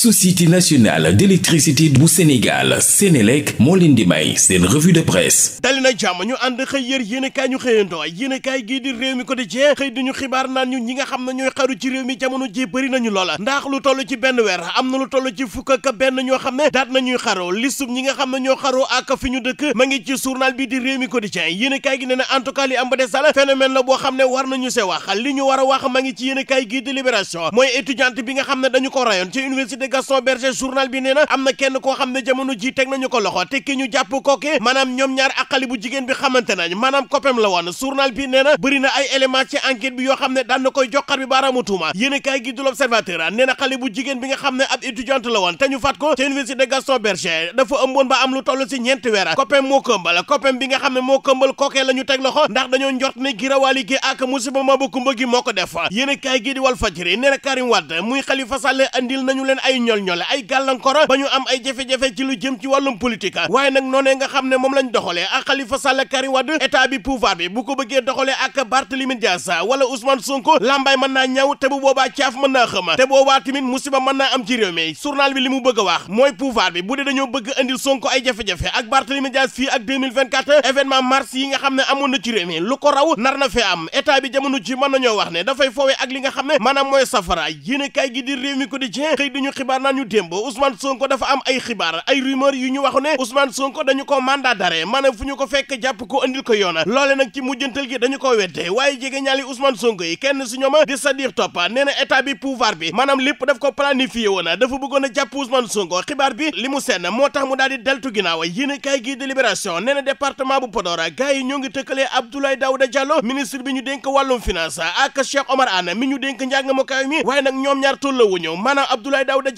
société nationale d'électricité bu Sénégal Sénélec moo leen di may seen revue de presse dali na jàmm ñu ànd xëy yër yéenekaay ñu xëyandoo yéenekaay gii di di nga xam ne ñooy xaru ci réew mi jamono ji bëri nañu ci benn weer am na lu toll ci fukk ak benn ñoo xam ne daat nañuy gi nee na en am ba des daal la boo xam ne war nañu se wax li ñu war a wax ma ci yéenekaay gii di mooy étudiante bi nga xam ne dañu ko rayoon ci université Gaston Berger journal bi nee na am na kenn koo xam ne jamono ji teg nañu ko loxo te ki ñu jàpp kooke maanaam ñoom ñaar ak xale bu jigéen bi xamante nañ maanaam kopem la woon journal bi nee na bëri na ay élément ci yoo xam ne daan na koy joxar bi baaraamu tuuma yéen a bu jigéen bi nga xam ne ab la woon te ñu faat ba am lu toll si ñeenti weer kopem moo nga xam ne moo këmbal kookee la ñu teg loxo ndax dañoo njort ne girawaali ba kumba gi moo ko def yéen a kaay gi di Walf Fadjri nee nañu leen ay ay ñol-ñole ay gàllankoor ba ñu am ay jafe-jafe ci lu jëm ci wàllum politique waaye nag noonee nga xam ne moom lañ doxalee ak Khalifa Sall Karim Wade état bi pouvoir bi bu ko bëggee doxalee ak Barthélémy Dias wala Ousmane Sonko lambay mën naa ñaw te bu boobaa caaf mën naa xëma te boobaa tamit musiba mën naa am ci réew mi journal bi li mu bëgg a wax mooy pouvoir bi bu dee dañoo bëgg andil Sonko ay jafe-jafe ak Barthélémy Dias fii ak 2024 événement yi nga xam xibaar naan ñu démb Ousmane Sonko dafa am ay xibaar ay rumeur yu ñu wax ne Ousmane Sonko dañu ko mandat d'arrêt maanaam fu ñu ko fekk jàpp ko andil ko yoona loole nag ci mujjantal gi dañu ko wedde waaye jege ñaali Ousmane Sonko yi kenn si ñooma di Sadir Top nee na état bi pouvoir bi maanaam lépp daf ko planifié woona dafa bëggoon a jàpp Ousmane Sonko xibaar bi li mu senn moo tax mu daal di deltu ginnaaw yéen a kaay gi délibération nee na département bu Podor gars yi ñoo ngi tëkkalee Abdoulaye Daouda Diallo ministre bi ñu dénk wàllum finance ak Cheikh Omar Anne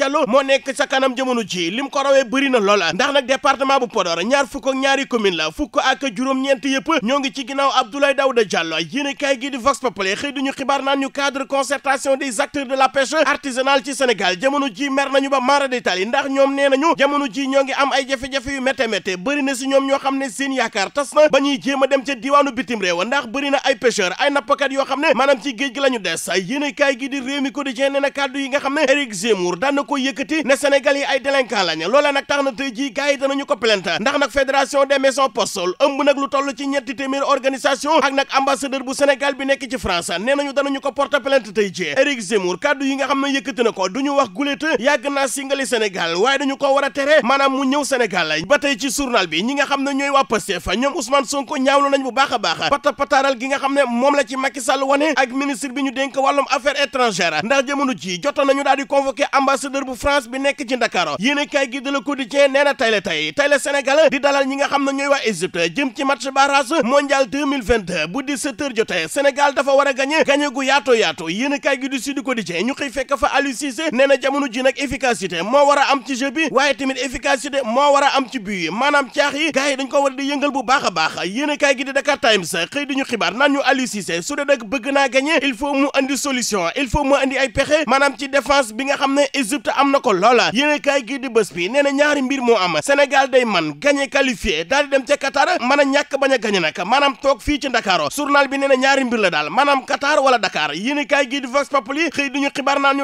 Diallo moo nekk sa kanam jamono ji lim ko rawee bëri na loola ndax nag département bu Podor ñaar fukk ak ñaari commune la fukk ak juróom-ñeent yëpp ñoo ngi ci ginnaaw Abdoulaye Daouda Diallo yéene kaay gi di Vox Populi xëy duñu xibaar naan ñu cadre concertation des acteurs de la pêche artisanale ci Sénégal jamono ji mer nañu ba mara détail ndax ñoom nee nañu jamono ji ñoo ngi am ay jafe-jafe yu métte métte bëri na si ñoom ñoo xam ne seen yaakaar tas na ba ñuy jéem a dem ca diwaanu bitim réew ndax bëri na ay pêcheur ay nappkat yoo xam ne maanaam ci géej gi la ñu des yéene kaay gi di Rewmi yi nga xam ne Éric Zemmour ko yëkkati ne Sénégal yi ay délinquant lañu loolee nag tax na tey jii gars yi danañu ko plainte ndax nag fédération des maisons postales ëmb nag lu toll ci ñetti téeméer organisation ak nag ambassadeur bu Sénégal bi nekk ci France nee nañu danañu ko porte plainte tey jii Éric Zemmour kaddu yi nga xam ne yëkkati na ko du wax guléet yàgg naa singali Sénégal waaye dañu ko war tere maanaam mu ñëw Sénégal la ba tey ci journal bi ñi nga xam ne ñooy waa Pastef ñoom Ousmane ambassadeur bu France bi nekk ci Dakar yéen kay gi de Le Quotidien nee na tey la Sénégal di dalal ñi nga xam ne ñooy waa Égypte jëm ci match barrage mondial bu 17h jotee Sénégal dafa war a gagné gagné gu yaatoo yaatoo yéen kay gi du Sud Quotidien ñu xëy fekk fa Aliou Cissé nee ji nag efficacité moo war a am ci jeu waaye tamit efficacité moo war a am ci but yi caax yi gars yi dañ ko war di yëngal bu baax baax yéen kay gi di Dakar Times xëy am na ko loola yéen a kaay gii di bés bi nee na ñaari mbir moo am Sénégal day man gagné qualifié daal di dem ca Qatar mën a ñàkk bañ a gagné nag maanaam toog fii ci Dakar journal bi nee na ñaari mbir la daal maanaam Qatar wala a kaay gii di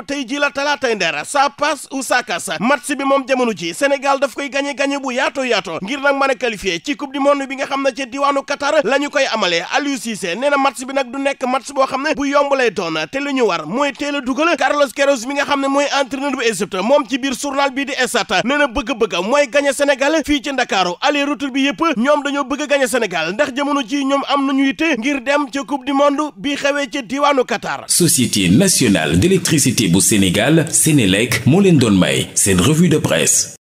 tey ji la talaatay ndeer ça passe ou ça casse match moom jamono ji Sénégal daf koy gagné gagné bu yaato yaato ngir a qualifié ci coupe monde bi nga xam ne ca diwaanu Qatar la koy amalee Aliou Cissé nee na match bi nag du nekk match boo xam ne bu yomb lay doon te lu ñu war mooy teel dugal Carlos Queiroz mi nga xam ne mooy entraîneur bu Égypte moom ci biir journal bii di Stades nee na bëgg-bëgg mooy gagné Sénégal fii ci Ndakaaru aller retour bi yëpp ñoom dañoo bëgg a gagné ndax jamono ji ñoom am nañu yitte ngir dem ca coupe du monde bi xewee ca diwaanu Qatar. Société nationale d'électricité bu Sénégal Sénélec moo leen doon may seen revue de presse.